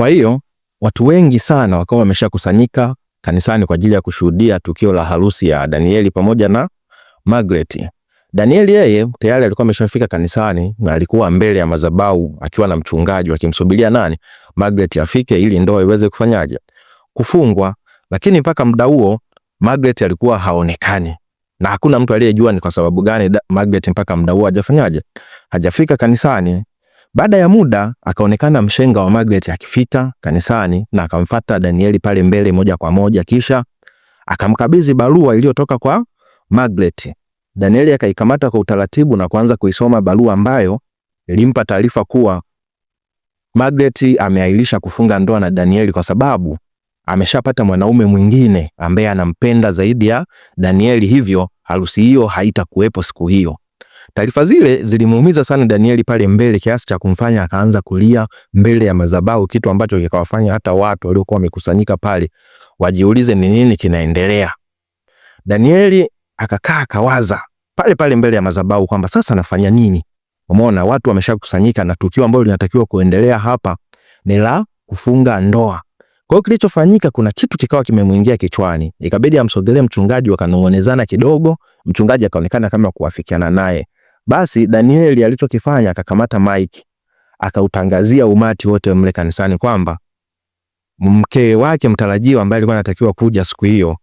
Kwa hiyo watu wengi sana wakawa wameshakusanyika kanisani kwa ajili ya kushuhudia tukio la harusi ya Danieli pamoja na Margaret. Danieli yeye tayari alikuwa ameshafika kanisani na alikuwa mbele ya madhabahu akiwa na mchungaji akimsubiria nani? Margaret afike ili ndoa iweze kufanyaje? Kufungwa. Lakini mpaka muda huo Margaret alikuwa haonekani. Na hakuna mtu aliyejua ni kwa sababu gani Margaret mpaka muda huo hajafanyaje? Hajafika kanisani baada ya muda akaonekana mshenga wa Margaret akifika kanisani na akamfata Danieli pale mbele moja kwa moja, kisha akamkabidhi barua iliyotoka kwa Margaret. Danieli akaikamata kwa utaratibu na kuanza kuisoma barua ambayo ilimpa taarifa kuwa Margaret ameahirisha kufunga ndoa na Danieli kwa sababu ameshapata mwanaume mwingine ambaye anampenda zaidi ya Danieli, hivyo harusi hiyo haitakuwepo siku hiyo. Taarifa zile zilimuumiza sana Danieli pale mbele kiasi cha kumfanya akaanza kulia mbele ya madhabahu, kitu ambacho kikawafanya hata watu waliokuwa wamekusanyika pale wajiulize ni nini kinaendelea. Danieli akakaa akawaza pale pale mbele ya madhabahu kwamba sasa nafanya nini? Umeona watu wameshakusanyika na tukio ambalo linatakiwa kuendelea hapa ni la kufunga ndoa. Kwa hiyo kilichofanyika, kuna kitu kikawa kimemuingia kichwani, ikabidi amsogelee mchungaji, wakanong'onezana kidogo. Mchungaji akaonekana kama kuafikiana naye, basi Danieli alichokifanya akakamata maiki akautangazia umati wote wa mle kanisani kwamba mke wake mtarajiwa ambaye alikuwa anatakiwa kuja siku hiyo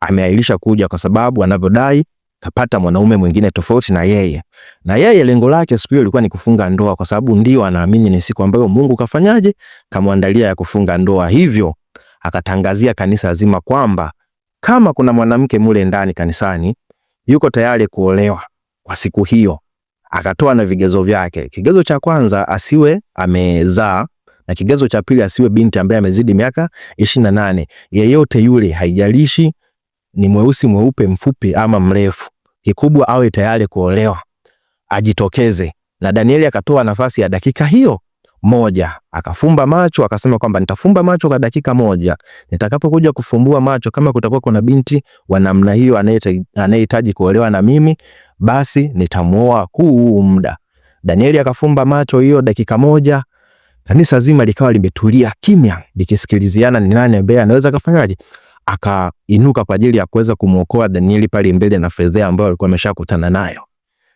ameahirisha kuja kwa sababu anavyodai kapata mwanaume mwingine tofauti na yeye. Na yeye lengo lake siku hiyo ilikuwa ni kufunga ndoa kwa sababu ndio anaamini ni siku ambayo Mungu kafanyaje, kamwandalia ya kufunga ndoa. Hivyo akatangazia kanisa zima kwamba kama kuna mwanamke mule ndani kanisani yuko tayari kuolewa kwa siku hiyo, akatoa na vigezo vyake. Kigezo cha kwanza asiwe amezaa, na kigezo cha pili asiwe binti ambaye amezidi miaka ishirini nane. Yeyote yule, haijalishi ni mweusi, mweupe, mfupi ama mrefu, kikubwa awe tayari kuolewa, ajitokeze. Na Danieli akatoa nafasi ya dakika hiyo moja akafumba macho akasema kwamba nitafumba macho kwa dakika moja. Nitakapokuja kufumbua macho, kama kutakuwa kuna binti wa namna hiyo anayehitaji kuolewa na mimi, basi nitamuoa huu muda. Danieli akafumba macho hiyo dakika moja, kanisa zima likawa limetulia kimya likisikiliziana ni nani ambaye anaweza kufanyaje akainuka kwa ajili ya kuweza kumuokoa Danieli pale mbele na fedha ambayo alikuwa ameshakutana nayo.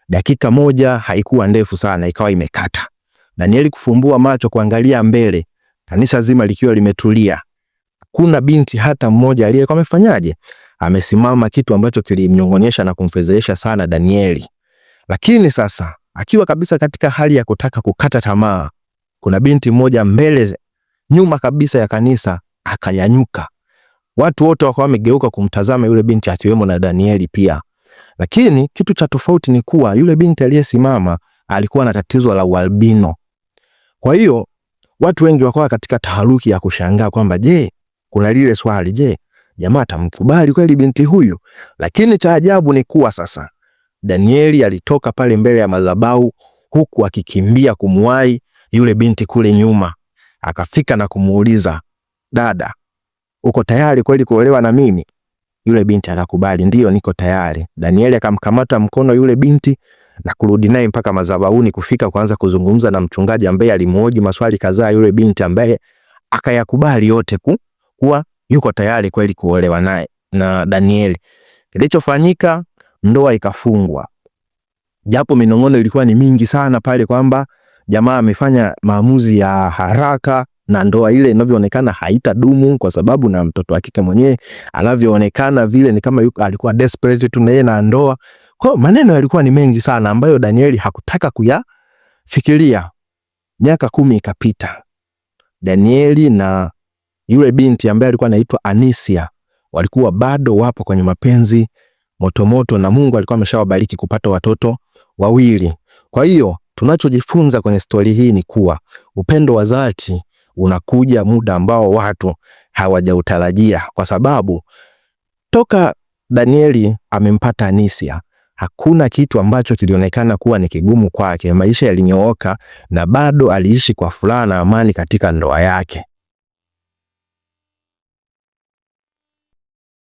Dakika moja haikuwa ndefu sana, ikawa imekata. Danieli kufumbua macho kuangalia mbele, kanisa zima likiwa limetulia, kuna binti hata mmoja aliyekuwa amefanyaje amesimama, kitu ambacho kilimnyong'onyesha na kumfedhehesha sana Danieli. Lakini sasa akiwa kabisa katika hali ya kutaka kukata tamaa, kuna binti mmoja mbele nyuma kabisa ya kanisa akanyanyuka. Watu wote wakawa wamegeuka kumtazama yule binti, akiwemo na Danieli pia. Lakini kitu cha tofauti ni kuwa yule binti aliyesimama alikuwa na tatizo la ualbino. Kwa hiyo watu wengi wakawa katika taharuki ya kushangaa kwamba je, kuna lile swali, je, jamaa atamkubali kweli binti huyu? Lakini cha ajabu ni kuwa sasa Danieli alitoka pale mbele ya madhabahu huku akikimbia kumwahi yule binti kule nyuma, akafika na kumuuliza, dada, uko tayari kweli kuolewa na mimi? Yule binti akakubali, ndiyo, niko tayari. Danieli akamkamata mkono yule binti na kurudi naye mpaka madhabahuni, kufika kuanza kuzungumza na mchungaji ambaye alimuoji maswali kadhaa yule binti ambaye akayakubali yote ku, kuwa yuko tayari kweli kuolewa naye na Danieli. Kilichofanyika, ndoa ikafungwa, japo minong'ono ilikuwa ni mingi sana pale kwamba jamaa amefanya maamuzi ya haraka na ndoa ile inavyoonekana haitadumu kwa sababu na mtoto wa kike mwenyewe anavyoonekana vile ni kama yuko alikuwa desperate tu naye na ndoa. Kwa maneno yalikuwa ni mengi sana ambayo Danieli hakutaka kuyafikiria. Miaka kumi ikapita. Danieli na yule binti ambaye alikuwa anaitwa Anisia walikuwa bado wapo kwenye mapenzi moto moto, na Mungu alikuwa ameshawabariki kupata watoto wawili. Kwa hiyo tunachojifunza kwenye stori hii ni kuwa upendo wa dhati unakuja muda ambao watu hawajautarajia, kwa sababu toka Danieli amempata Anisia hakuna kitu ambacho kilionekana kuwa ni kigumu kwake. Maisha yalinyooka na bado aliishi kwa furaha na amani katika ndoa yake.